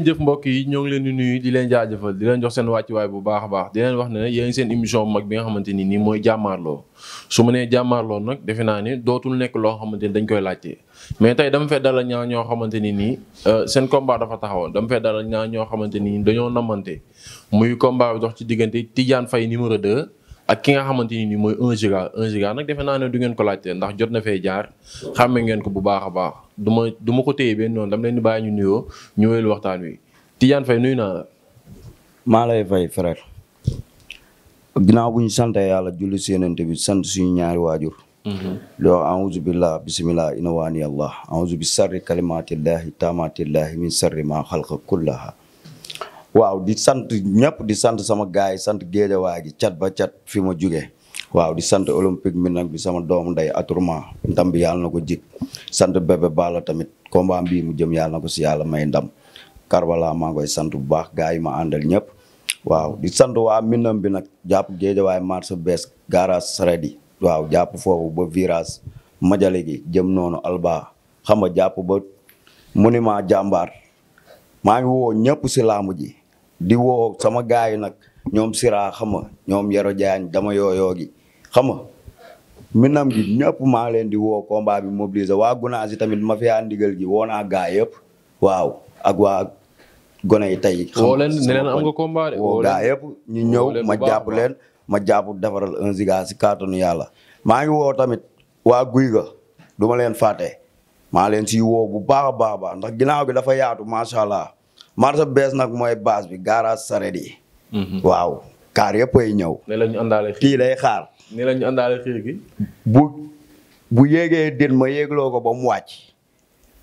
ngeen jëf mbokk yi ñoo ngi leen di nuyu di leen jaajëfal di leen jox seen wàccuwaay bu baax a baax di leen wax ne yéen seen émission bu mag bi nga xamante ni nii mooy jàmmaarloo su ma nee jàmmaarloo nag defe naa ne dootul nekk loo xamante ni dañ koy laajte mais tey dama fee dalal ñaa ñoo xamante ni nii euh, seen combat dafa taxawoon dama fee dalal ñaa ñoo xamante ni dañoo namante muy combat bi dox ci diggante Tidiane fay numéro 2 ak ki nga xamante ni mooy 1 giga 1 giga nag defe naa ne du ngeen ko laajte ndax jot na fee jaar xàmme ngeen ko bu baax a baax du ma du ma ko téye benn noonu dama leen di bàyyi ñu nuyoo ñu waxtaan wi Tidiane Faye nuyu naa la. maa lay fay frère. ginnaaw bu ñu sant yàlla julli seenante bi sant suñu ñaari waajur. Mhm. loo auzu billah bismillah inawaani allah auzu bi sarri kalimatillahi taamatillahi min sarri ma xalqa kullaha waaw di sant ñëpp di sant sama gaay sant géejawaay gi ba cat fi ma jugee waaw di sant olympique mi nag bi sama doom nday atourment ndam bi yàlla na ko jik sant bébé bala tamit combat bii mu jëm yàlla na ko si yàlla may ndam karbala maa sant bu baax gaay yi ma àndal ñëpp waaw di sant waa minam bi nag jàpp géejawaay marché bees garage saret yi waaw jàpp foofu ba virage majale gi jëm noonu alba xam nga jàpp ba monument jàmbaar maa ngi woo ñëpp si laamu ji di woo sama gaay yi nag ñoom Sira xam ñoom Yoro Diagne dama yooyoo gi xam nga minam gi ñëpp maa leen di woo combat bi mobiliser waa Gunaas yi tamit ma fiyaa ndigal gi woo naa gaay yëpp waaw ak waa yi tey. woo leen ne leen ñu ñëw ma jàpp leen ma jàpp defaral un ziga si kàttanu yàlla maa ngi woo tamit waa guy ga duma leen fàtte maa leen si woo bu baax baax baax ndax ginnaaw gi dafa yaatu macha allah. marché bees nag mooy baas bi garage saret yi. Mhm. waaw kaar yëpp ay ñëw. tii lay xaar. ne la ñu àndaale xiir bu bu yéegee din ma yéegloo ko ba mu wàcc.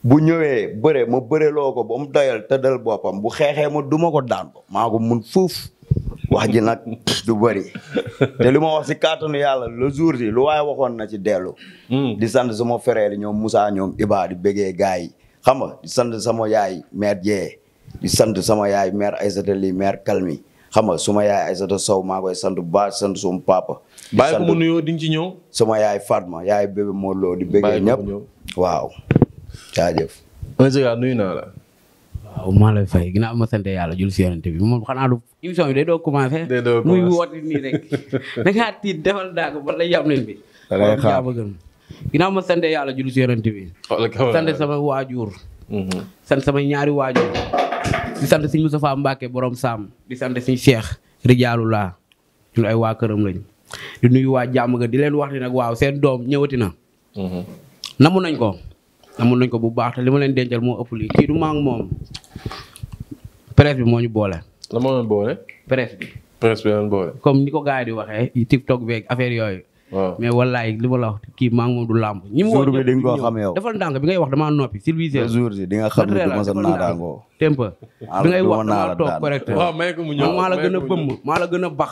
bu ñëwee bëre ma bëreloo ko ba mu doyal tëddal boppam bu xeexee ma duma ko daan ko maa ko mun fuuf wax ji nag du bëri te li ma wax si kàttanu yàlla le jour lu waaye waxoon na ci dellu. Hmm. di sant sama frère ñoom Moussa ñoom ibaa di bëggee gars yi xam nga di sant sama yaay mère Dieye di sant sama yaay mère Aïssata lii mère Kalmi xam nga suma yaay Aïssata Sow maa koy sant bu baax sant suma papa. di sant bàyyi ko ci ñëw. sama yaay Fatma yaay bébé Modou Lo di. bàyyi ko mu ñëw ñëpp waaw. jaajëf. monsieur nuyu naa la. ma sant yàlla jul si yonente bi moom xanaa bi day doo commencé. day da ngaa tiit defal daa ma sant yàlla jul si yonente bi. sant sama waajur. Mhm. sant ñaari waajur. di sant suñ Moustapha Mbacke borom saam di sant suñ Cheikh rijaalu laa ñun ay waa këram lañ di nuyu waa jàmm ga di leen wax ni waaw seen doom ñëwati na. Mhm. namu nañ ko namu nañ ko bu baax te li ma leen dencal moo ëpp lii kii du maa moom presse bi moo ñu boole. la moo leen boole. presse bi. presse bi leen ni ko gars yi di affaire yooyu. mais wallaay li ma la kii maa moom du làmb ñi mu jour bi di nga xam yow defal ndànk bi ngay wax damaa noppi silvisé jour bi di nga xam ne du ma sa naataangoo temp ah, bi ngay wax damaa toog correct waaw may ko mu ñëw maa la gën a bëmm maa bax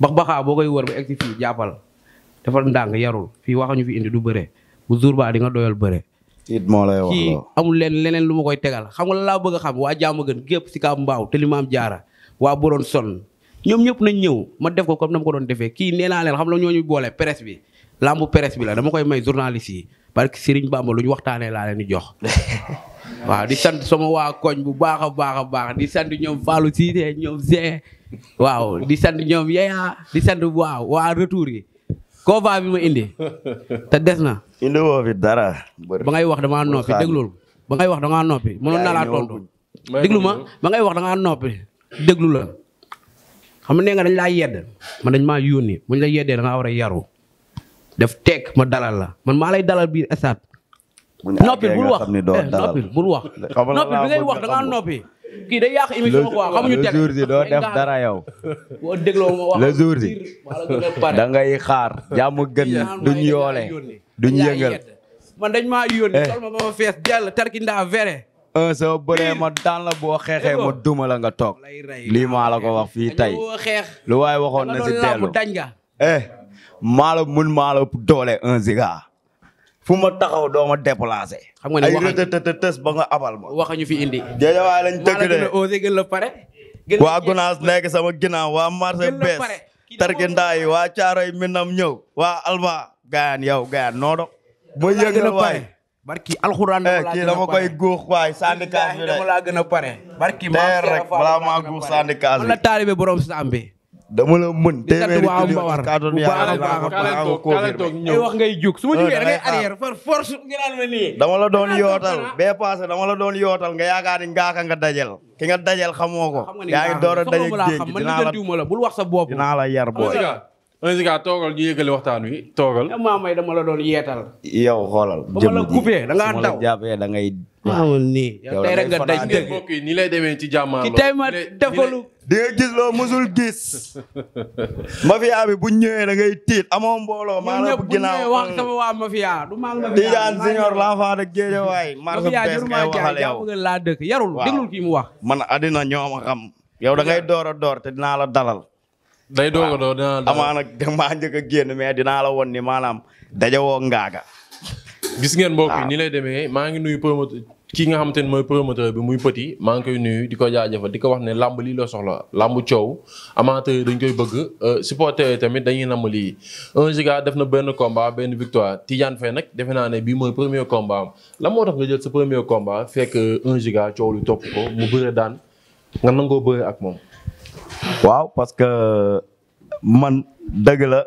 bax baxaa boo koy wër ba egg si fii jàppal defal ndànk yarul fii waxuñu fi indi du bëre bu jour baa di nga doyal bëre it moo lay wax amul leen leneen lu ma koy tegal xam nga la laa bëgg a xam waa jaama gën gépp si kaa mbaaw te li maam jaara waa boroon sonn ñoom ñëpp nañ ñëw ma def ko comme na ma ko doon defee kii nee naa leen xam la ñooñu boole presse bi lambu presse bi la dama koy may journaliste yi pare que Serigne ba lu ñu waxtaanee laa ni di jox waaw di sant sama waa koñ bu baax a baax a baax di sant ñoom Fallou Cissé ñoom Zé waaw di sant ñoom Yaya di sant waaw waa retour yi combat bi ma indi te des na. indi woo dara. ba ngay wax damaa noppi déglu ba ngay wax da ngaa noppi mënoon naa laa tontu déglu ma ba ngay wax da ngaa déglu la. xam nga nee nga dañ laa yedd man dañ maa yónni buñ la yeddee da ngaa war a yaru def teeg ma dalal la man maa lay dalal biir esaat. noppi bul wax eh, noppi bul wax noppi bi da ngaa noppi. kii day yàq émission quoi xamuñu teg le jour si doo def dara yow. boo si da ngay xaar. jàmm gën duñ yoole duñ yëngal. man dañ maa yónni. sol eh. ma ba ma fees jàll tarki ndaa vere. un euh, soo bëree ma daan la boo xeexee ma duma la nga toog lii maa la ko wax fii tey lu waaye waxoon na si dellu eh maa la mun maa la doole un ziga fu ma taxaw doo ma déplacé. xam nga ne wax ba nga abal ma. wax fi indi. jërëjëf waay lañ waa Gunaas nekk sama ginnaaw waa marché bees. waa ndaa yi waa Caaroy Minam ñëw. waa Alba. gayaan yow gayaan noo doon. ma yëngal waay barki alxuraan eh, kii dama koy guux waay sànni kaas bi dama laa gën a pare barki teer rek balaa maa guux sànni kaas bi la taalibe borom saam dama la mën téeméeri kii ci kàddu yàlla laa ko laa ko kóobir wax ngay jug su ma jugee da ngay dama la doon yootal bee passé dama la doon yootal nga yaakaar ni ngaaka nga dajel ki nga dajel xamoo ko yaa ngi door a dajeg géej gi dinaa wax sa bopp dinaa la yar un cas toogal ñu yëgale waxtaan wi toogal. maa may dama la doon yeetal. yow xoolal. jëmm ji ba ma la coupé da daw jàppee da ngay. waaw nii yow tey rek nga daj dëgg mbokk lay demee ci jàmmaarloo. ki tey ma defalu. di nga gis loo musul gis. mafia bi bu ñëwee da ngay tiit amoo mbooloo. maanaam bu ginnaaw wax sama waa mafia du maa laa dëkk yarul déglul kii àddina ñoo ma xam. yow da ngay door a door te dinaa la dalal. day doog a doon dinaa amaana damaa njëkk a génn mais dinaa la won ni maanaam dajawoo ngaaga. gis ngeen mbokk yi ni lay demee maa ngi nuyu promoteur kii nga xamante ne mooy promoteur bi muy petit maa ngi koy nuyu di ko jaajëfal di ko wax ne làmb lii la soxla làmb coow amateur koy bëgg euh, supporter yi tamit dañuy namm lii. un giga def na benn combat benn victoire Tidiane Faye nag defe naa ne bii mooy premier combat am la moo tax nga jël sa premier combat fekk euh, un giga coow lu topp ko mu bëre daan nga nangoo bëre ak moom. waaw parce que man dëgg la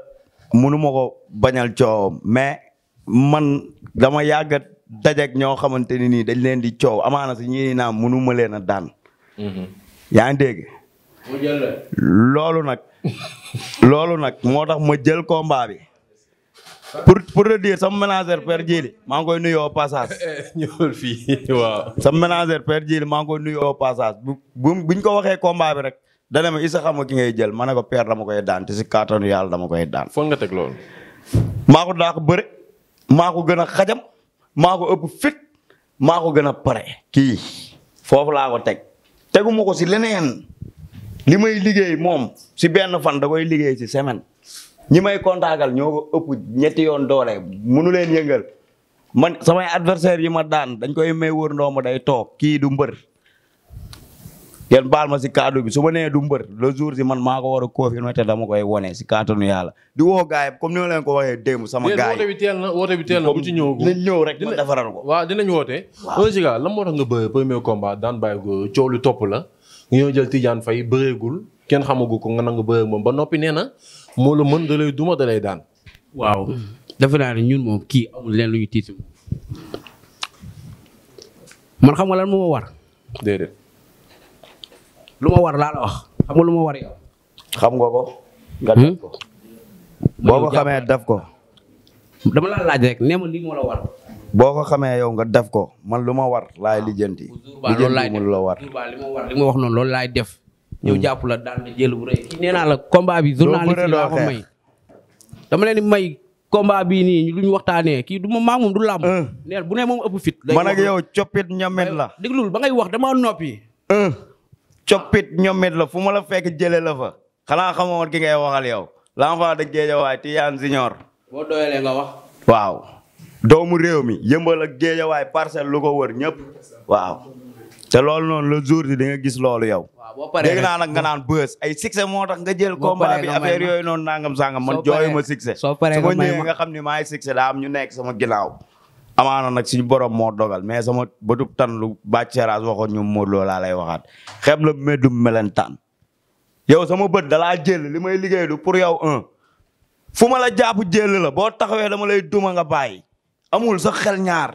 munu ma ko bañal coowam mais man dama yàgg dajeeg ñoo xamante ni nii dañ leen di coow amaana si ñii naam munu ma leen a daan. Mhm. yaa ngi loolu nag loolu nag moo tax ma jël combat bi pour pour le dire sama ménagère père Djili maa ngi koy nuyoo passage. ñëwal fii waaw. sama ménagère per Djili maa ngi koy nuyoo passage bu buñ ko waxee combat rek dana ma isa xam nga ki ngay jël ma ne ko père dama koy daan te si kattanu yàlla dama koy daan. foog nga teg loolu. daa ko maa ko gën a xajam maa ko ëpp fit maa ko gën a pare. kii foofu laa ko teg tegu ko si leneen li may liggéey moom si benn fan da koy liggéey si semaine ñi may kontaagal ñoo ko ëpp ñetti yoon doole munu leen yëngal man samay adversaire yi ma daan dañ koy may wër ndoo ma day toog kii du mbër. ngeen baal ma si kaddu bi su ma nee du mbër le jour si man maa ko war a confirmer te dama koy wone si kattanu yàlla di woo gaay comme ni ma leen ko waxee démb sama gaay woote bi teel na woote bi teel na bu ci ñëw dinañ ñëw rek ma defaral ko waaw dinañ woote un giga lan moo tax nga bëre premier combat daan bàyyi ko coow lu topp la nga ñëw jël Tidiane Faye bëreegul kenn xamagu ko nga nangu bëre moom ba noppi nee na moo la mën da lay duma da lay daan waaw dafa naa ne ñun moom kii amul leen lu ñu tiit man xam nga lan moo war déedéet lu ma war laa la wax xam nga lu ma war xam nga ko. nga def ko. Hmm? boo ko xamee def ko. la laaj rek nee ma lii moo la boo ko xamee yow nga def ko man lu ma war laay lijjanti. lijjanti mu la war li ma war ma wax noonu loolu laay def. Hmm. ñëw jàpp la daan na jël bu rëy. kii nee naa la combat bi journaliste laa ko may. dama leen di may combat bii nii lu ñu waxtaanee kii du ma maa moom du làmb. Hmm. bu ne moom ëpp fit. man yow coppit ñamet la. déglul ba ngay wax dama noppi. coppit ñoomit la fu ma la fekk jëlee la fa xanaa xamoon ki ngay waxal yow l'enfant de Guédiawaye Tidiane Junior. boo doyalee nga wax. waaw doomu réew mi yëmbal ak Guédiawaye parcelle lu ko wër ñëpp waaw te loolu noonu le jour di nga gis loolu yow. dégg naa nag nga naan bës ay succès moo tax nga jël combat bi affaire yooyu noonu nangam sangam man jooyu ma succès. soo paree nga su ma ñëwee nga xam ne maay succès daa am ñu nekk sama ginnaaw. amaana nag suñu borom moo dogal mais sama bëtub tan lu bàcceeraas waxoon ñu Modou Lo laa lay waxaat xem la médum melentaan yow sama bët dalaa jël li may liggéey du pour yow fu ma la jàpp jël la boo taxawee dama lay duma nga bàyyi amul sa xel ñaar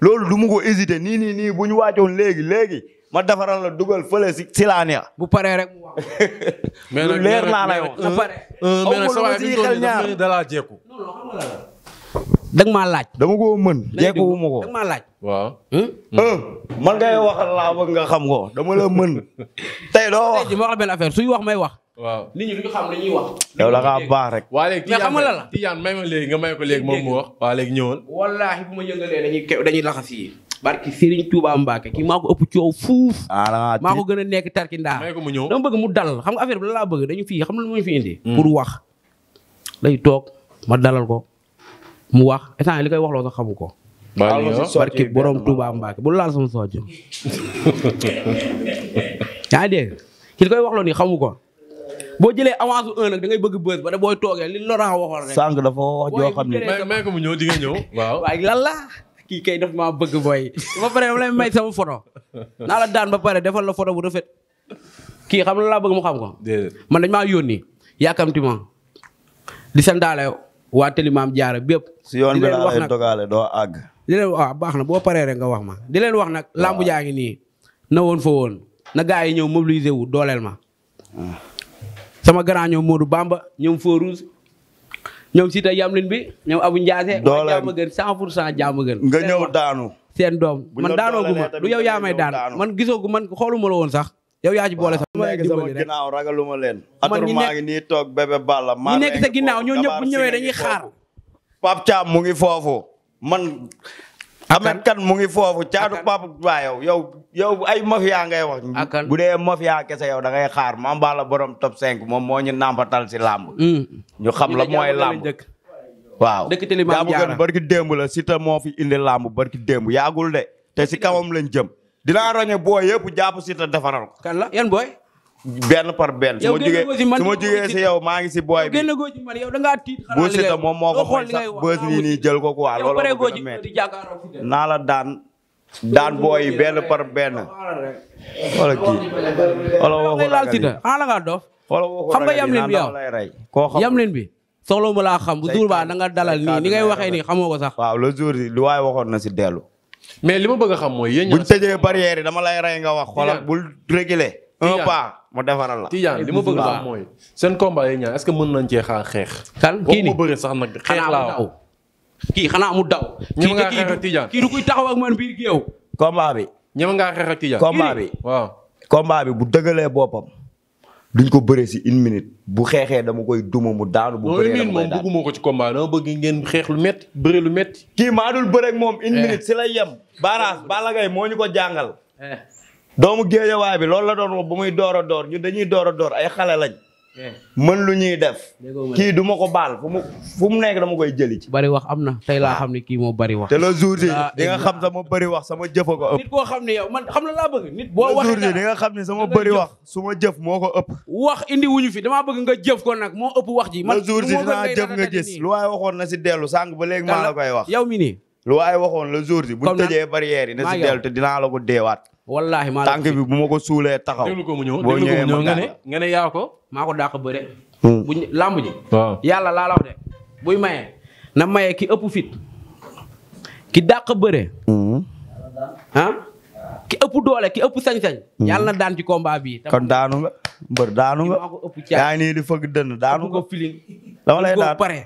loolu du ko hésité nii nii nii bu ñu waajoon léegi léegi ma defaral la dugal fële si si laa bu paree rek mu mais nag leer naa lay wax. pare. mais nag sa waay bi dalaa jékku. danga maa laaj. dama ko mën jekkuwuma ko danga maa laaj. waaw. Hmm? Hmm. man ngay waxal laa bëgg xam ko dama la mën. te doo wax ma wax benn affaire suy wax may wax. waaw nit xam dañuy wax. yow la rek. waa léegi mais la la Tidiane may ma léegi nga may ko léegi moom mu wax. waa léegi ñëwal. wallaahi bu ma yëngalee dañuy kew dañuy laxas yi. barki Serigne Touba Mbacke kii maa ko ëpp coow fuuf. ah maa ko gën a nekk tarki ndaa. mu ñëw dama bëgg mu dal xam nga affaire bi la bëgg dañu fii xam nga lu ma fi hmm. pour wax day toog ma dalal ko mu wax état li koy wax loo sax xamu ko. barki borom Touba Mbacke bu laal sama sooj. yaa ngi dégg ki koy wax loo nii xamu ko boo jëlee avance un nag da bëgg bës ba booy toogee li Laurent waxoon rek. sànq dafa wax joo xam ne. may may ko mu ñëw di ñëw waaw. waaye lan la kii kay def maa bëgg booy ba pare dama may sama photo naa la daan ba pare defal la foto bu rafet kii xam la laa bëgg mu xam ko. man dañ maa yónni yàkkamti ma di sandaale waa tëli maam jaara bépp. si yoon bi laa lay doo àgg. di leen waaw baax na boo paree rek nga wax ma di leen wax nag. làmb jaa ngi nii na woon fa woon na gaa yi ñëw mobiliser wu dooleel ma. Ah. sama grand ñoom Modou Bamba ñoom Feu Rouge ñoom Sita Yamlin bi ñoom Abu Ndiassé. dooleel jàmm gën 100 pour 100 jàmm gën. nga ñëw daanu. seen doom man daanoo gu ma du yow yaa may daan man gisoo man xooluma la woon sax. yow yaaj ci boole sax. sama ginnaaw ragaluma leen. man ñi maa ngi nii toog bébé Balla. maa nekk sa ginnaaw ñoo ñëpp bu ñëwee dañuy xaar. Pape Thiam mu foofu man. amet kan mu ngi foofu caatu Pape Ba yow yow ay ay mafia nga wax. bu dee mafia kese yow da ngay xaar Mame Balla borom top 5 moom moo ñu nàmpatal si làmb. Mm. ñu xam la mooy làmb. waaw dëkk Téléma Diarra la si te moo fi indi làmb de te si kawam lañ jëm. dinaa roñe booy yëpp jàpp si te defaral ko. yan booy. benn par benn. su ma jugee si yow maa ngi si booy bi. yow da bu si moom moo ko xool sax bës nii nii jël ko quoi loolu moo gën a métti naa la daan daan booy benn par benn. wala kii wala waxu laal si ta xanaa la ngaa dof xam nga yam bi yow koo soxla ma laa xam bu duur baa da nga dalal nii ni waxee nii xamoo ko sax waaw le jour yi lu waay waxoon na si dellu mais li ma bëgg a xam mooy yéen ñaar buñ tëjee barrière yi dama lay rey nga wax. xoolal bul réguler. un pas mu defaral la. Tidiane li ma bëgg a xam mooy. seen combat yi ñaar est mën nañ cee xaar xeex. kan kii nii bëri sax nag xanaa mu daw. ñi nga xeex ak Tidiane kii du kuy taxaw ak man biir géew. combat bi. ñi nga xeex ak Tidiane combat bi. combat bi bu dëgalee boppam duñ ko bëree si une bu xeexee dama koy duma mu daanu. bu bëree dama moom bëgguma ko ci combat dama bëgg ngeen xeex lu métti bëri lu métti. kii maa dul bëre moom une eh. si lay yem. Baaraas Balla Gaye moo ñu ko jàngal. Eh. doomu géejawaay bi loolu la doon wax bu muy door door ñun dañuy door a door ay xale lañ. mën lu ñuy def. kii du ma ko baal fu mu fu mu nekk dama koy jëli ci. bari wax am na tey laa xam ne kii moo bari wax. te le jour di nga xam sama bari wax sama jëf a ëpp. nit xam ne yow man xam la laa bëgg. nit boo waxee nga xam ne sama bari wax su ma jëf moo ko ëpp. wax indi wuñu fi damaa bëgg nga jëf ko nag moo ëpp wax ji. man jour di dinaa jëf nga gis lu waaye waxoon na si dellu sànq ba léegi maa la koy wax. yow mi nii. lu waaye waxoon le jour di bu ñu tëjee barrière yi na si dellu te dinaa la ko deewaat wallaahi maa tànk bi bu ma ko suulee taxaw. déglu ko mu ñëw déglu ko mu nga ne nga ne ko. maa ko dàq bëre. Hmm. buñ làmb ji. yàlla laa la wax buy maye na maye ki ëpp fit ki dàq bëre. Hmm. ah ki ëpp doole ki ëpp sañ-sañ. Hmm. yàlla na daan ci combat bi. kon daanu nga mbër daanu nga. yaa ngi nii di fëgg dënn daanu nga. dama lay daan ko pare.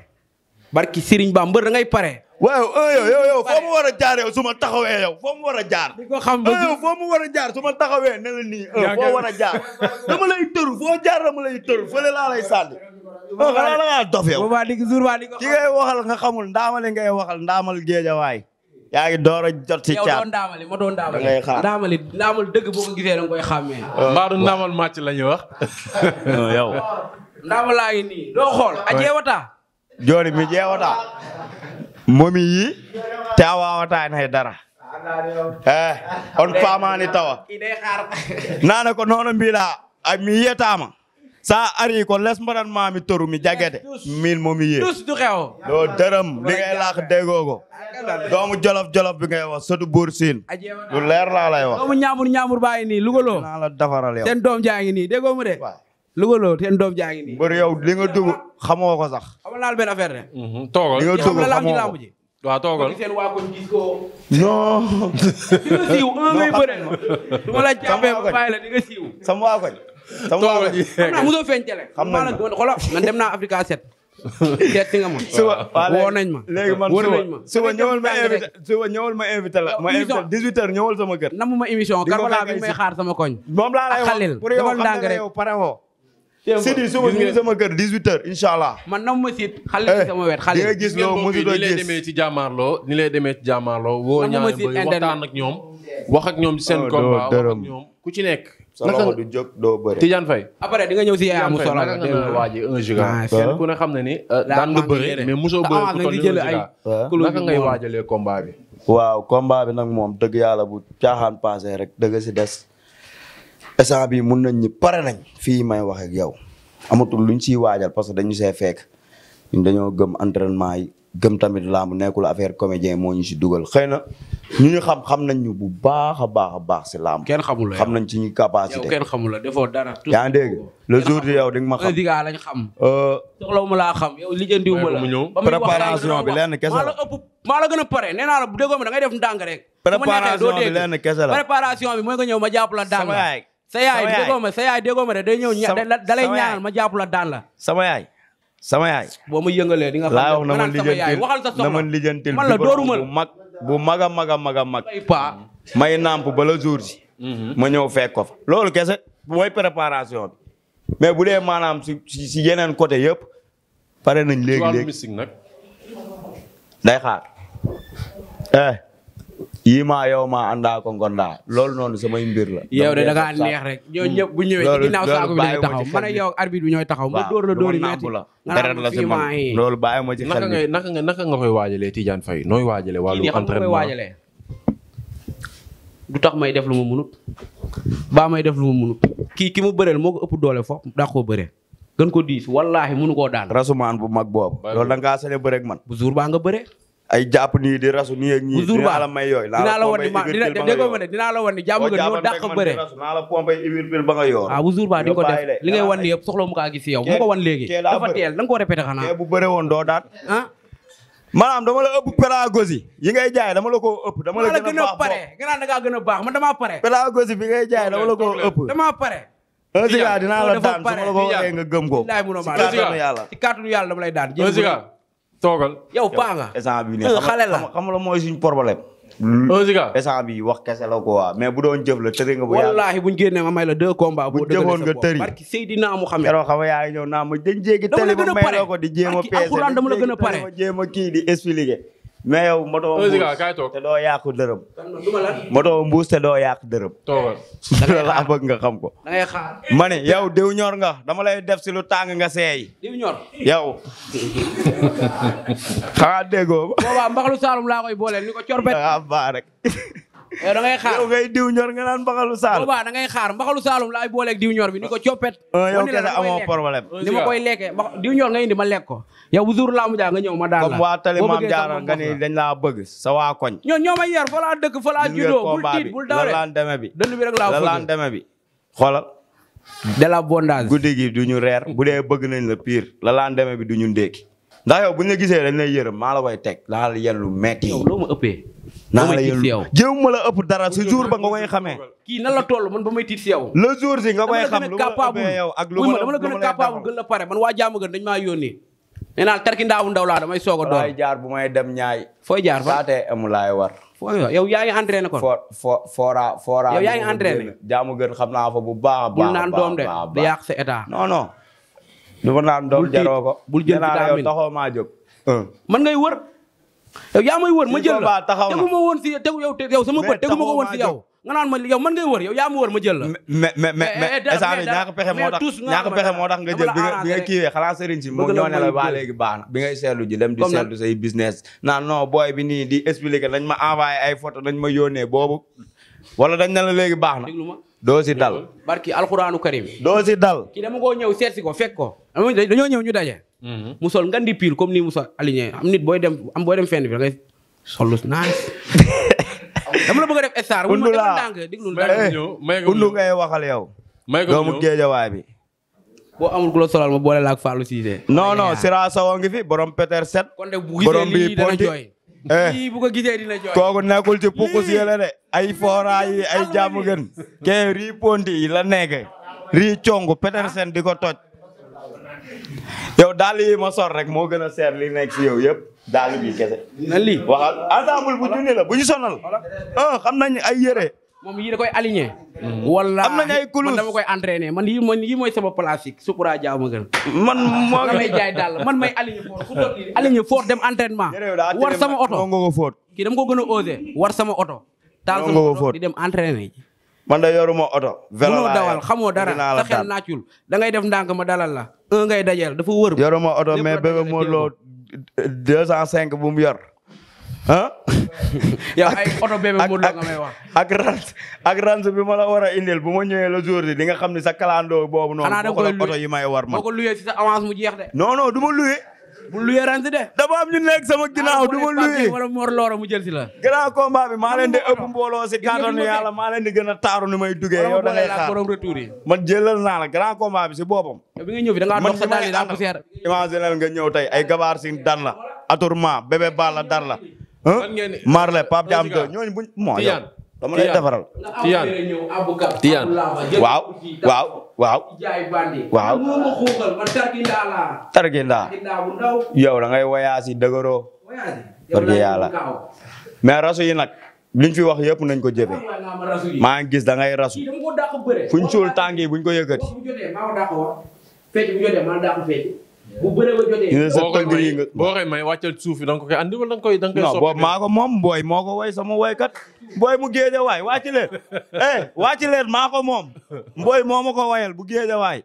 barki Serigne Ba mbër da ngay pare. waaw eh, yow yow yow foo mu war a jaar yow su ma taxawee yow foo mu war a jaar. di ko xam eh, yow foo mu war a jaar su ma taxawee ne la nii. Eh, foo war a jaar dama lay tëru foo jaar dama lay tëru fële laa lay sànni. waaw xanaa la ngaa dof yow. boobaa di jour baa di ko. ki ngay waxal nga xamul ndaamale ngay waxal ndaamal géejawaay. yaa ngi door a jot ci caat yow doon ndaamali ma doon ndaamali. da ngay xaar ndaamali ndaamal dëgg boo ko gisee da nga koy xàmmee. mbaa du ndaamal màcc la ñuy wax. yow. ndaamal laa ngi nii doo xool a jeewata. jooni mi jeewata. momi yi te a wawata hen dara e eh, on paamani tawa nane ko nono mbiɗa mi yiyatama sa ari ko les mbaɗanmami toru mi jagete min momi yi ɗo dërëm li ngay laak déggogo doomu jolof jolof bi ngay wax sotu buur siin lu leer laa lay wax doomu ñaamur ñaamur doom jaa ngi nii déggoo mu de Louga loo teen doof jaa ngi nii. bëri yow li nga dugg xamoo ko sax. xam nga laal benn affaire rek. Mhm, toogal li nga dugg xamoo ko waaw toogal seen waa ko gis ko. non. di nga siiw un ngay bëre. du ma la jàppee ba bàyyi la di nga siiw. sama waa koñ. sama waa koñ xam naa mosoo feeñ tele. xam naa xoolal man dem naa Africa 7. seet nga ma. suba woo nañ ma. léegi man suba ñëwal ma invité suba ñëwal ma invité la. ma invité 18h ñëwal sama kër. namu ma émission Karbala bi may xaar sama koñ. moom laa lay wax pour yow xam nga yow pare woo Sidi suba ñu ngi sama kër 18h incha allah. man na ma siit xale si eh, sama wet xale. di nga gis loo mosu doon gis ni lay demee ci jàmmaarloo ni lay demee ci jàmmaarloo woo ñaari mbir waxtaan ak ñoom. wax ak ñoom ci seen oh, combat wax ku ci nekk. naka du jóg doo bëri. Tidiane Faye. après di nga ñëw si yaay amu solo la nga waa ji un giga. kenn ah, ku ne xam na ni euh, daan nga bëri mais mosoo bëri ku toll nii un giga. naka ngay waajalee combat bi. waaw combat bi nag moom dëgg yàlla bu caaxaan passé rek dëgg si des instant bi mun nañ ñu pare nañ fii may wax ak yow amatul luñ siy waajal parce que dañu see fekk ñu si dugal xëy na ñu ñu xam ñu bu baax a baax a baax si la xam nañ ci la defoo dara. yaa ngi dégg le jour di yow di nga ma xam. digaa lañ xam. Euh, soxla ma laa la. ba muy préparation bi lenn kese la maa la ëpp maa la gën a préparation bi lenn kese la préparation ñëw ma jàpp la sa yaay déggoo ma sa yaay day ñëw ña da lay ma jàpp la daan la. sama yaay sama yaay. boo ma yëngalee di nga xam ne man sama yaay waxal sa soxla na ma lijjantil man la dooruma bu mag bu mag a mag a mag a may nàmp ba la jour si. Mhm. ma ñëw fekk ko fa. loolu kese mooy préparation bi. mais bu dee maanaam si si yeneen côté yëpp pare nañ léegi léegi. day xaar. Eh. yii maa yow maa ko ngondaa loolu noonu samay mbir la. yow de neex rek ñoo hmm. ñëpp bu ñëwee ci ginnaaw saako bi dañuy taxaw man ak yow arbitre bi la dóor koy waajalee Tidiane Faye nooy waajalee wàllu entraînement du tax may def lu ma munut may def lu ma ki mu bëreel moo ko ëpp doole foofu ko diis wallaahi munu koo daan rasumaan bu mag boobu loolu da ngaa sañ a bëre ak man bu jour baa nga bëre ay jàpp nii di rasu nii ak ñii dinaa la may yooyu dinaa la wan ni ma déggoo ma ne dinaa la wan ni jàmm nga ñoo dàq bëre naa la pompé huile ba nga yoor ah bu jour ba di ko def li soxla mu kaa gis yow mu wan léegi dafa teel da nga ko xanaa bu ah? dama la ëpp pédagogie yi ngay jaay dama la koo ëpp dama a pare nga da ngaa a baax man damaa pare pédagogie bi ngay la koo ëpp la ko waxee nga gëm ko ci kàttanu yàlla dama lay daan toogal yow paa euh, nga. instant bi la xam nga mooy suñu problème. Onziga instant bi wax kese la quoi mais bu doon jëf la tëri nga. bu yàlla wallaahi buñ ma may la deux combats. boo dëgëral sa bopp bu jëfoon nga tëri. barki Seydina Muhammad. keroog xam nga yaa ngi ñëw naa ma dañ jéggi di a peese. a pare barki alxuraan dama la gën a pare. jéem kii di expliquer. mais yow moto mbuus te doo yàqu dërëm. moto mbuus te doo yàq dërëm. toogal la bëgg nga xam ko. da ngay xaar ñor nga dama lay def si lu tàng nga seey. diw ñor yow. xanaa déggoo. boobaa mbaxalu laa koy booleel ni ko corbet. da yow eh, da ngay xaar yow ngay diw ñor nga naan mbaxalu saalum boobaa laay booleeg diw ñor bi ni ko coppet oh, yow kese amoo ni ma koy lekkee mba diw ñor nga indi ma lekk ko yow bu jour laamu jaa nga ñëw ma daal comme waa tali maam jaara dañ laa bëgg sa waa koñ ñoo ñoo ma yar fa laa dëkk fa laa juddoo bul tiit bul daw bi dënn bi rek laa lalaan deme bi xoolal de la bondage guddi du ñu reer bu dee bëgg nañ la pire lalaan deme bi du ñu ndékki ndax yow buñ la gisee dañ lay yërëm maa la teg laa la yellu metti yow loo ma ëppee naa la yow jéem ma la dara ce jour ba nga koy xamee. kii nan la toll man ba may tiit si yow. si nga koy xam ma la ëppee yow a capable gën la pare man maa yónnee. nee naa tarki laa damay soog a door. bu may dem ñaay. fooy jaar fa saatee amu laay war. fooy yow yaa ngi entraîné kon. fo fo fora fora. yow yaa ngi entraîné. jaamu gën xam naa fa bu baax a baax. bul naan doom de di yàq sa état. non non. ma naan doom jaroo ko. bul jël vitamine nee naa man ngay wër yow yaa may wër ma la tegu ma woon si tegu yow ma woon si yow nga naan ma yow man ngay wër yow yaa ma wër ma jël la mais mais mais eh, eh, ñaaka pexe moo tax ñaaka pexe moo tax nga jël bi nga bi nga kiiwee xanaa sëriñ si moom ñoo ne la waa léegi baax na bi ngay seetlu ji dem di seetlu say business naan non booy bi nii di expliqué nañ ma envoyé ay photo nañ ma yónnee boobu wala dañ ne la léegi na doo si dal barki alxuraanu karim doo si dal kii dama koo ñëw seet si ko fekk ko dañoo ñëw ñu daje Mhm. mu sol nga di pire comme mu sol aligné am nit booy dem am booy dem fenn bi undu laa undu ngay waxal yow. may ko doomu géejawaay boo amul ku solal ma boole la ak Fallou Cissé. non non fi borom Peter Set. kon de bu eh. kooku nekkul ci pukkus yi de. ay fora ay jàmm gën. kee rii ponti yi la nekk. rii congu Peter ah. Set di ko toj. yow daal yi ma sor rek moo gën a seer li nekk si yow yëpp daal bi kese. na lii waxal ensemble bu junni la bu ñu sonal. ah xam nañ ay yére. moom yii da koy aligné. wala am nañ ay kulus man koy entraîné man yii man yii mooy sama plastique Soucoura Diaw ma gën. man moo may jaay daal man may aligné fort ku dem aligné fort dem entraînement. war sama oto. kii dama ko gën a osé war sama oto. taal sama oto di dem entraîné. man da yoruma oto. vélo munoo dawal xamoo dara sa xel naacul da ngay def ndànk ma dalal la un ngay dajeel dafa wër. yoruma oto mais bébé Modou Lo 205 bu mu yor ah. yow ay oto bébé Modou Lo nga may wax. ak rans bi ma la war a indil bu ma ñëwee le jour bi nga xam ne sa kalandoo boobu noonu. xanaa da nga luye yi may war man. si sa avance mu jeex de. non non du luye. bu luyee rent de. dafa am nekk sama ginnaaw du ma luy wala Mor Loro mu jël si la. grand combat bi maa leen di ëpp mbooloo si kàttanu yàlla maa leen di gën a taaru ni may duggee. yow da ngay xaar man jëlal naa la grand combat bi si boppam. bi nga ñëw fi da ngaa dox sa daal yi nga ñëw tey ay gabaar si dan la atourement bébé bala dar la. marle Pape Diam do ñooñu buñ mo yow dama lay defaral. tiyaan tiyaan waaw waaw waaw. waaw. tarkindaa. yow da ngay wayaasi dëgëroo. parce rasu yi nag liñ fi wax yëpp nañ ko jëfe maa gis dangay ngay rasu fuñ suul tànk yi buñ ko yëkkati. bu bëree ba boo koy may boo suuf bi da nga koy andi koy da nga koy soppi. ko moom booy mooko ko woy sama woykat booy mu géeja waay wàcc leen eh wàcc leen maa ko moom booy moo ma ko woyal bu géeja waay.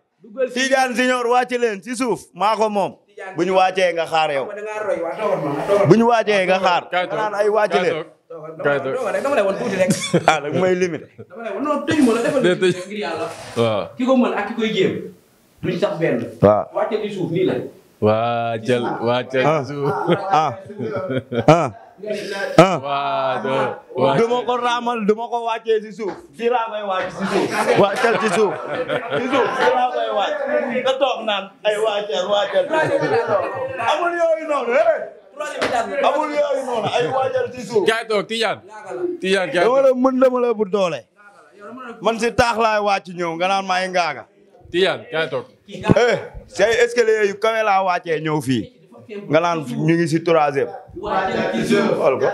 Tidiane Junior wàcc leen si suuf maako moom. bu ñu wàccee nga xaar yow bu ñu wàccee nga xaar. naan ay wàcc leen. kay duñ sax benn. waaw wàcce ci waa jël ah. wàcce ci ah. suuf. ah ah ah. ah. raamal du ma ko wàccee ci suuf. fii laa koy wàcc ci suuf. wàccal ci suuf. ci suuf si taax laay wàcc ñëw nga naan maay ngaaga. Tidiane kaay toog. eh say escalier yu kawe laa wàccee ñëw fii nga naan ñu ngi si troisième. xool ko.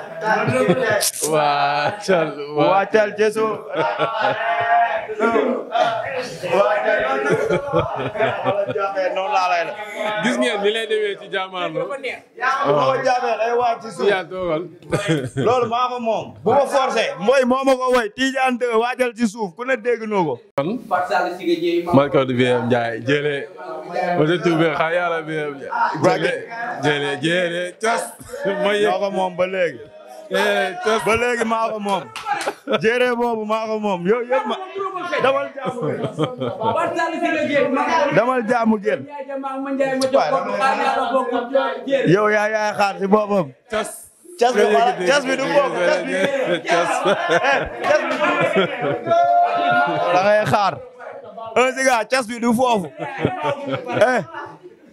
noonu laa ci jàmmaarloo. loolu maa ko moom. bu ko forcé mooy moo ma ko woy Tidiane Deux waajal ci suuf ku ne dégg noo ko. kon Marco di BM Ndiaye jëlee. tuube xaar yàlla BM Ndiaye. jëlee jëlee jëlee cos. mooy yëg noo moom ba léegi. Eh, ba léegi maa ko moom. jëree boobu maa moom yow yëpp jaamu génn. yow yaa xaar si boppam. cas cas bi du foofu. Eh,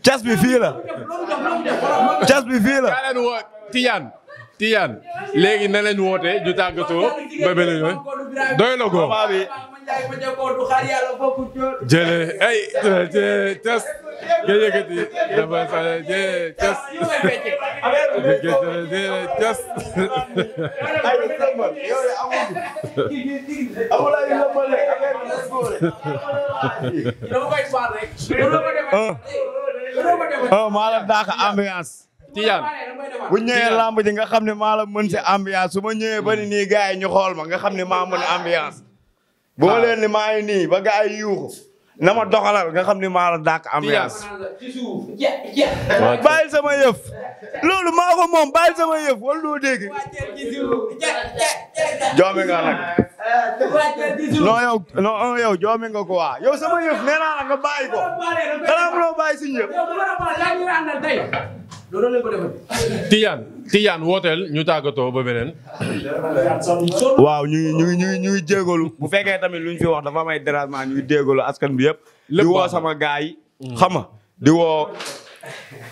cas bi fii cas bi fii Tidiane léegi na lañ woote ñu tàggatoo ba beneen yoon doy na ko jële ay cas nga yëkkati dafa sa jë cas cas ah maa la dàq ambiance Tidiane bu ñëwee lamb ji nga xam ne maa la mën si ambiance su ma ñëwee ba ni nii gars yi ñu xool ma nga xam ne maa mën ambiance. boo leen ni maa ngi nii ba gars yi yuuxu na ma doxalal nga xam ne maa la dàq ambiance. bàyyi sama yëf loolu maa ko moom bàyyi sama yëf wala doo dégg. joomi nga nag. non yow non sama yëf nee naa la ko xanaa mënoo bàyyi si ñëpp. loolu lañ wooteel ñu tàggatoo ba beneen. waaw ñu ngi ñu bu fekkee tamit lu ñu fi wax dafa may dérangement ñu ngi jégalu askan bi yëpp. di woo sama gaay xama di woo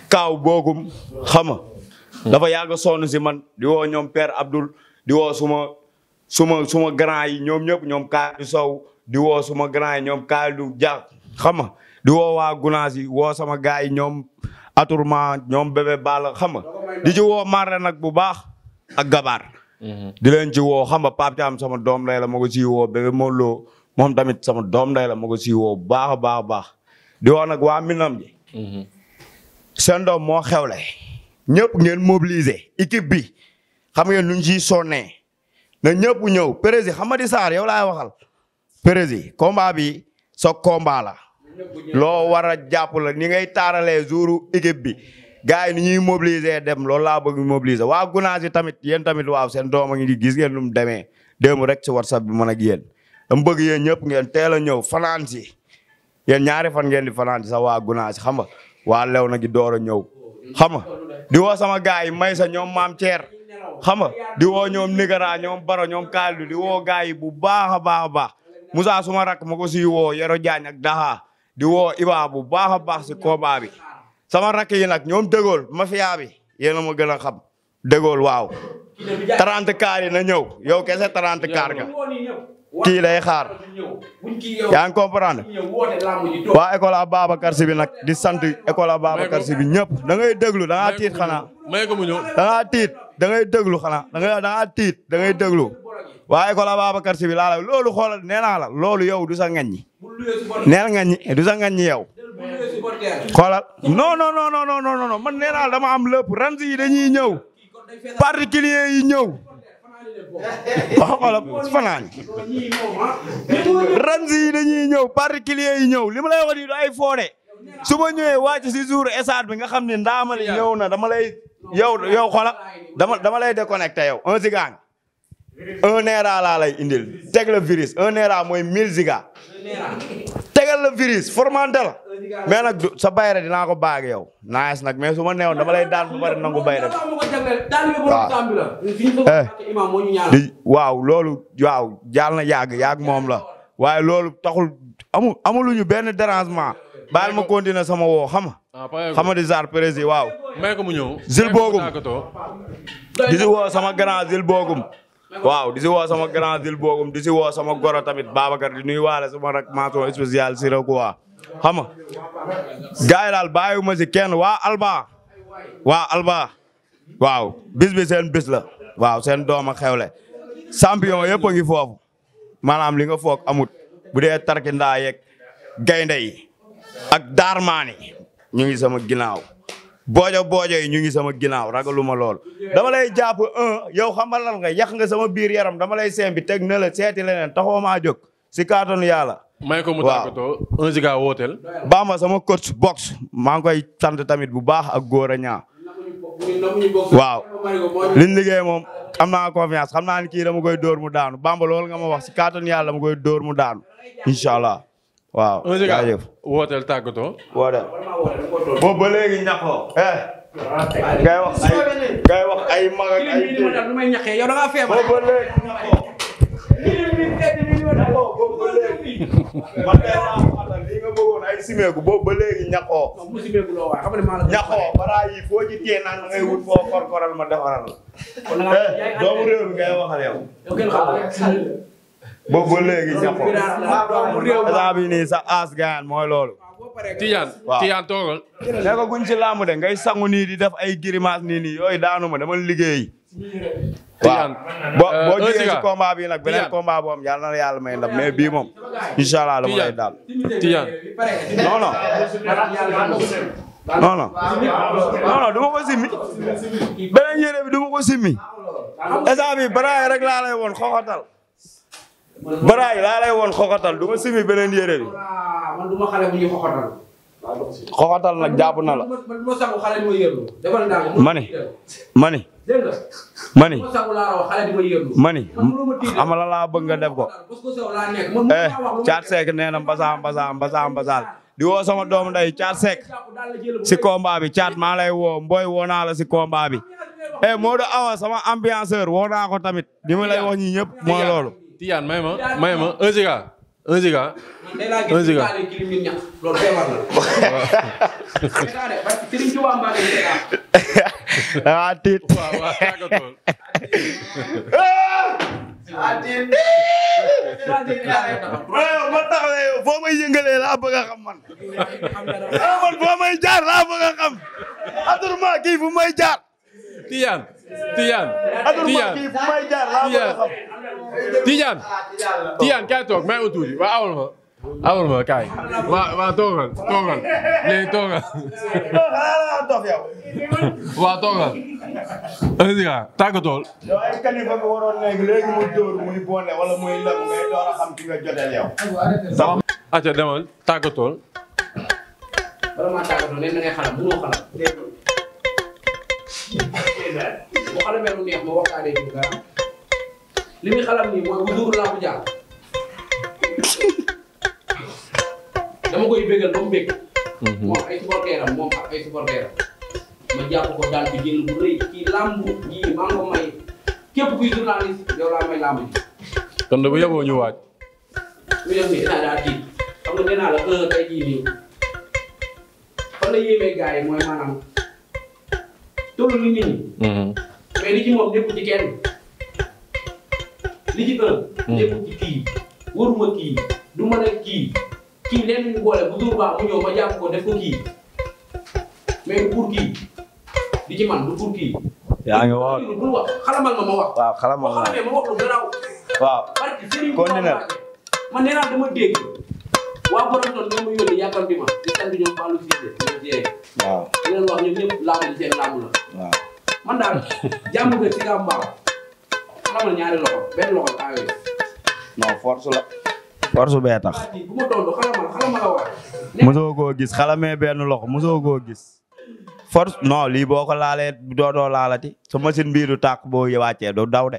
Kaaw Bokum xam nga dafa yàgg sonn si man di woo ñoom Père Abdoul di woo suma suma suma grand yi ñoom ñëpp ñoom Kaalu Sow di woo suma grand yi ñoom Kaalu Dia xam nga di woo waa Gunaas yi woo sama gars yi ñoom. atourement ñoom bébé baal xam nga di ci woo Marley nag bu baax ak gabaar mhm. di leen ci woo xam nga Pape Thiam sama doom ndey la ma ko siy woo bébé Molo moom tamit sama doom ndey la ma ko siy woo baax a baax baax di wax nag waa Minam ji mhm. seen doom moo xewle ñëpp ngeen mobiliser équipe bi xam ngeen nuñ ciy sonnee na ñëpp ñëw prési xam nga di Sarr yow laay waxal prési combat bi sa combat la loo war a jàpp la ni ngay taaralee jouru équipe bi gars yi ni ñuy mobiliser dem loolu laa bëgg mobiliser waa Gunaas yi tamit yéen tamit waaw seen doom a ngi gis ngeen nu mu demee démb rek ci whatsapp bi mën ak yéen dama bëgg yéen ñëpp ngeen teel a ñëw fanaan si yéen ñaari fan ngeen di fanaan si sax waa Gunaas xam nga waa lew na gi door a ñëw xam nga di woo sama gars yi may sa ñoom maam Thier xam nga di woo ñoom Nigara ñoom Baro ñoom Kaldu di woo gars yi bu baax a baax a baax Moussa suma rak ma ko siy di woo Iba bu baax a baax si combat bi sama rakk yi nag ñoom dëggool mafia bi yéen a ma gën a xam dëggool waaw. 30 kaar yi na ñëw yow kese 30 kaar ga kii lay xaar yaa ngi comprendre waa école Ababacar Sy bi nag di sant école a Ababacar Sy bi ñëpp da ngay déglu da ngaa tiit xanaa. may ko mu ñëw da tiit da ngay déglu xanaa da ngaa da ngay déglu. waaye école Ababacar Sy bi laa loolu xoolal nee naa loolu yow du sa ngaññi. neel ngaññi du sa ngaññi yow. xoolal non non non non non non man nee dama am lépp rans yi dañuy ñëw. particulier yi ñëw. waaw xoolal fanaan. rans yi ñëw particulier yi ñëw li ma lay wax nii ay foode. su ma ñëwee wàcc si jour estade bi nga xam ne ndaamali ñëw na dama lay yow yow xoolal dama dama lay déconnecté yow un un era laa lay indil teg la virus un era mooy 1000 giga tegal la virus formante nag sa bayre dinaa ko baag yow nice nag mais su ma neewoon dama lay daan bu bari nangu bayre eh. Eh. di waaw loolu waaw jaal na yàgg yàgg moom la waaye loolu taxul amu amuluñu benn drangement baal ma continuer sama woo xama ah, xama di sar prési waaw zil boogum di si woo sama grand zil boogum waaw di si woo sama grand dil boogum di si woo sama goro tamit Babacar di nuy waale sama rak mention spéciale si rek waa xam nga gars si kenn waa Alba waa Alba waaw bis bi seen bis la waaw seen doom a xewle champion yëpp a ngi foofu maanaam li nga foog amut bu dee tarki ndaa gaynde yi ak daarmaani ñu ngi sama ginnaaw boojo boojo yi ñu ngi sama ginnaaw ragaluma lool dama lay jàpp un yow xamal nga yàq nga sama biir yaram dama lay seen bi teg na la seeti leneen taxoo maa jóg si kaatanu yàlla. may ko mu tàggatoo un giga wooteel. sama coach box maa ngi koy sant tamit bu baax ak góor a ñaa waaw liñ liggéey moom am naa confiance xam naa ni kii dama koy dóor mu daanu Bamba lool nga ma wax si kaatanu yàlla dama koy dóor mu daanu incha allah. waaw jaajëf wooteel tàggatoo. woote. boobu ba léegi eh, wax ay wax ay mag ak ay. boobu ba léegi ñaxoo. boobu ba léegi. man kay ngay wut foo korkoral ma defaral la. Eh, doomu réew mi ngay waxal boobu ba léegi ñaxoo. état bi nii sa mooy loolu. Tidiane Tidiane toogal. ko guñ ci de ngay sangu nii di def ay grimace nii nii yooyu daanu ma dama liggéey. waaw boo boo euh, jógee ci combat nag beneen combat boobu bii moom incha allah dama lay daal. Tidiane non non. ma ko simmi beneen yére bi du ko simmi. état bi bara rek laa lay woon xoxatal. baraay laa lay woon xoxatal du ma simi beneen yére bi. man nag jàpp na la. man du ma sangu xale di ma yërlu. defal laa bëgg nga def ko. eh seek nee na mbasaa mbasaa mbasaa mbasaal. di woo sama doom nday caat seek. si combat bi caat maa lay woo mbooy woo naa la si combat bi. eh Modou sama ambianceur woo naa tamit li ma lay wax ñi ñëpp loolu. Tidiane may ma may ma un giga un giga un giga ah tiit ah, ah, ma taxawee foo may yëngalee laa bëgg a xam man ah, man foo may jaar laa bëgg a xam Abdourahmane kii fu may jaar Tidiane Tidiane Tidiane Tidiane Tidiane kaay toog may ma tuuti waaw awal ma awal ma kaay waaw waaw toogal toogal léegi toogal waaw toogal. Aziz Ka tàggatool. yow ay kalifa nga waroon nekk léegi mu dóor muy boole wala muy lëb ngay door a xam ki nga joteel yow. sama acca demal tàggatool. vraiment tàggatool léegi da ngay xalaat mënoo xalaat. bu xalamee lu neex ma waxtaanee ci dara li muy xalam nii mooy bu dóor laa bu jàll dama koy bégal ba mu bég. moom ay supporteram moom ak ay supporteram ma jàpp ko daal di jël bu rëy ci làmb ji maa may képp kuy journaliste yow laa may làmb ji. kon de bu yeboo ñu waaj. bu yeboo ñu dinaa daal tiit xam nga nee naa la un tey jii nii fan la yéemee gars yi mooy toll ni nit ñi. Mm-hmm. li ci moom nekkul ci kenn li ci un. Mm-hmm. nekkul ci kii waruma kii du mën a kii kii lenn ñu boole bu jur mu ñëw ma jàpp ko def ko kii mais du pour kii di man du pour kii. yaa ngi wax bul wax xalamal ma ma wax. waaw xalamal ma ma la man nee waa Borontoon ñoom ñu yónni yàkkamti ma la. waaw man daal jàmm nga ci gàmm baax xamal ñaari loxo benn loxo taa yooyu. non force la. force bee tax. bu koo gis xalamee benn loxo mosoo koo gis. force non lii boo ko laalee doodoo laalati sa machine bii du tàkk boo wàccee du daw de.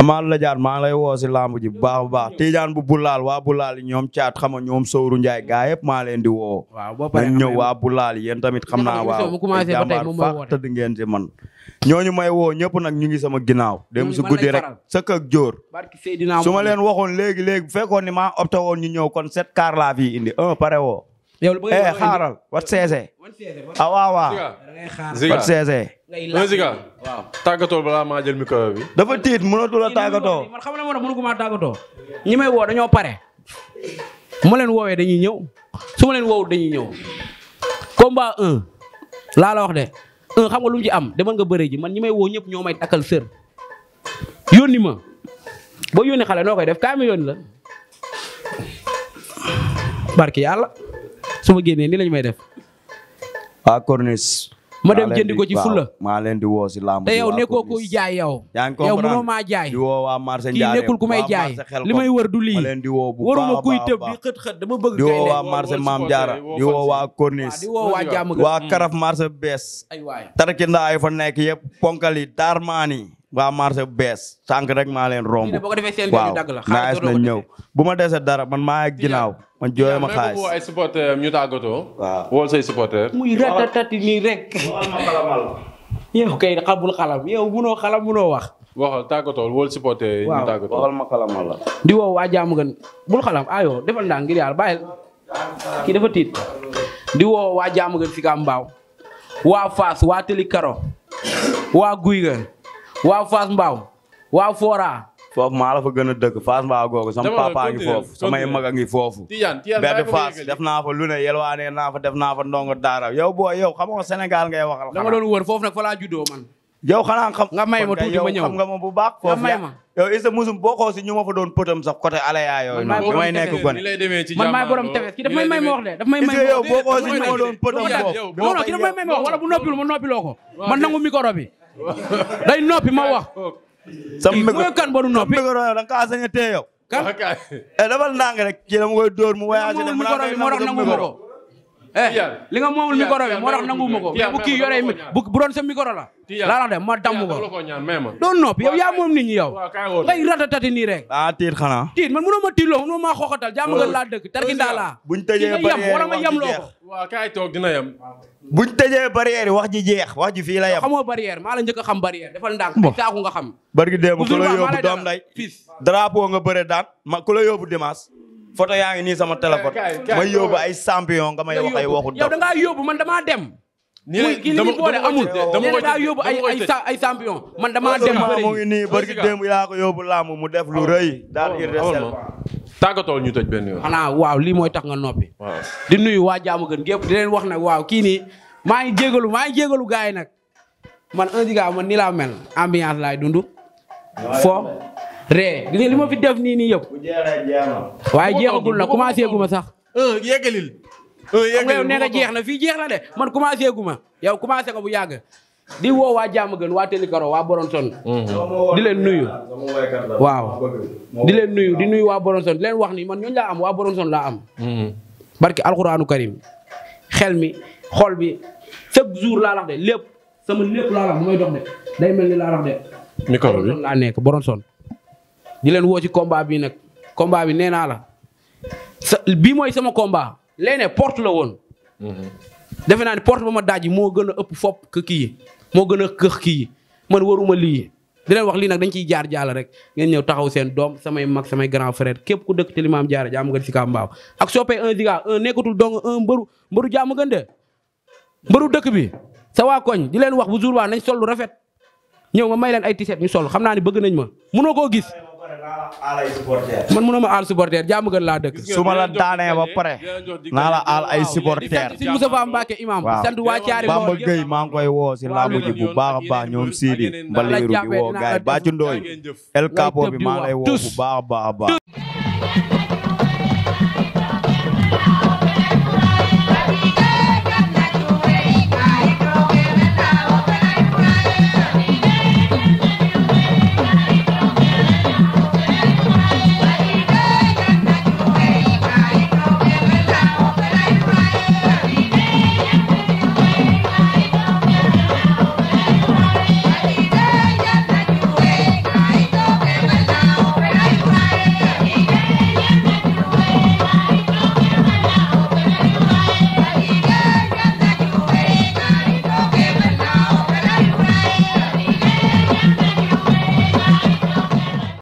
Amadou Ladiane maa ngi lay woo si lamb ji bu baax a baax Tidiane bu Bulaal waa Bulaal ñoom caat xam nga ñoom Sowru Ndiaye gaa yëpp maa leen di woo. waaw boo paree ñëw waa Bulaal yéen tamit xam na waaw jàmbaar fàq tëdd ngeen si man. ñooñu may woo ñëpp nag ñu ngi sama ginnaaw. dem si guddi rek sëkk ak jóor. su ma leen waxoon léegi léegi bu fekkoon ni maa opté woon ñu ñëw kon set car laa fi indi un pare woo. yow lu bëri eh, xaaral wat seese. a ah, waaw waaw. wat seese. ziga tàggatoo balaa maa mi micro bi. dafa tiit mënatul a tàggatoo. man xam nga mënu ko maa tàggatoo. ñi may woo dañoo pare. mu leen woowee dañuy ñëw su ma leen woowul dañuy ñëw. combat un laa la wax de un xam nga lu mu ci am demal nga bëre ji man ñi may woo ñëpp ñoo may takkal sër. yónni ma boo yónni xale noo koy def kaay ma la barki yàlla. su ma génnee nii lañ may def. waa Corniche. ma dem jëndi ko ci fula. leen di woo si lamb. te yow nekkoo kuy jaay yow. yaa ngi comprendre yow mënoo maa jaay. kii nekkul ku jaay li may wër du lii. leen di woo bu waruma kuy tëb di xët xët dama bëgg. di woo waa marché Maam Karaf marché bees. ay waay tarakindaa yi fa nekk yëpp ponkali daarmaani waa marché bu bees sànq rek maa leen romb. waaw naa yas nañ ñëw. bu ma dese dara man maa ak ginnaaw man jooyee ma xaalis. ay supporter ñu tàggatoo. waaw woo say supporter. muy ratatati nii rek. yow kay xamul xalam yow munoo xalam munoo wax. waxal tàggatoo wol supporter di woo waa jaamu gën bul xalam ayoo defal naa ngir yàlla bàyyil kii dafa tiit. di woo waa jaamu gën si Kambaaw. waa Fass waa Tëli Karo. waa Guy ga waaw Fass Mbao waaw Fora. foofu maa la fa gën a dëkk Fass Mbao googu sama papa ngi foofu samay mag a ngi foofu. benn Fass naa fa lu ne yelwaane naa fa def naa fa ndongo daara yow boo yow xam nga Sénégal ngay waxal. dama doon wër foofu nag fa laa juddoo man. yow xanaa xam nga may ma tuuti ma ñëw nga ma bu baax. foofu may ma yow boo xoo si ñu ma fa doon pëtam sax côté Alaya yooyu noonu. damay nekk gone man maay borom tefes ki daf may may ma de daf may may ma wax yow boo xoo si ñu ma doon pëtam foofu. non non ki ma wax ko man nangu bi day noppi ma wax. sa mbégo kan ba du noppi sa mbégo da nga kaa sañ a téye yow. kan eh, dafa ndànk rek. kii dama koy dóor mu voyagé mu naan koy nangu sa li nga moomul micro bi moo tax nangu ma ko mais bu kii yoree bu doon sa micro la. laa la dem ma damm ko. doon noppi yow yaa moom nit ñi yow. ngay ratatati nii rek. ah tiit xanaa. tiit man mënoo ma tiitloo mënoo maa xoxatal jàmm nga laa dëkk tarkindaa laa. buñ tëjee bari yam wala yam loo buñ tëjee barrière wax ji jeex wax ji fii la yem. xamoo maa la njëkk xam barrière defal ndànk. ay taaku nga xam. barki démb ku doom nday drapeau nga bëre daan ma ku la yóbbu dimanche. photo yaa ngi nii sama téléphone. may yóbbu ay champion nga may wax ay waxu. yow da ngaa yóbbu man damaa dem. muy kii li ñu boole amul nee na daa yóbbu ay ay ay champion man damaa dem. bëri mu ngi nii barki démb yaa mu def lu rëy. daal tàggatool ñu tëj benn yoon. xanaa waaw lii mooy tax nga noppi. waaw di nuyu waa jaamu gën gépp di leen wax na waaw kii nii maa ngi jégalu maa ngi yi nag man un diga man ni laa mel ambiance laay dund. fo ree gis nga li ma fi def nii nii yëpp. waaye jeexagul na commencé gu ma sax. yeggalil. yeggalil bu jeex na fii jeex na de man commencé gu ma yow commencé ko bu yàgg. di woo waa jàmm gën waa Télikaro waa Boronton. di leen nuyu. waaw di leen nuyu di nuyu waa Boronton di leen wax ni man ñooñu laa am waa Boronton laa am. Mm-hmm. barki alxuraanu karim xel mi xol bi chaque jour laa wax de lépp sama lépp laa wax dox de day mel ni laa wax de. micro laa nekk Boronton. di leen woo ci combat bi nag combat bi nee naa la sa bii mooy sama combat léeg porte la woon. Mm-hmm. defe naa ne porte ba ma daaj moo gën a ëpp fop que kii moo gën a këx kii man waruma lii di leen wax lii nag dañ ciy jaar jaala rek ngeen ñëw taxaw seen doom samay mag samay grand frère képp ku dëkk te li maam jaara jàmm gën si kaa mbaaw ak soppee un giga un nekkatul dong un mbëru mbëru jàmm gën mbëru dëkk bi sa waa koñ di leen wax bu jour waa nañ sol lu rafet ñëw nga may leen ay tiset ñu sol xam naa ni bëgg nañ ma mënoo koo gis aalay supporter. man mënoo ma aal supporter jàmm gën laa dëkk. su ma la daanee ba pare. naa la aal ay supporter. di sant maa ngi woo si laamu ji bu baax a baax ñoom Sidi Mbaliru di woo gaay Bacindooy El Capo bi maa ngi lay woo bu baax baax baax.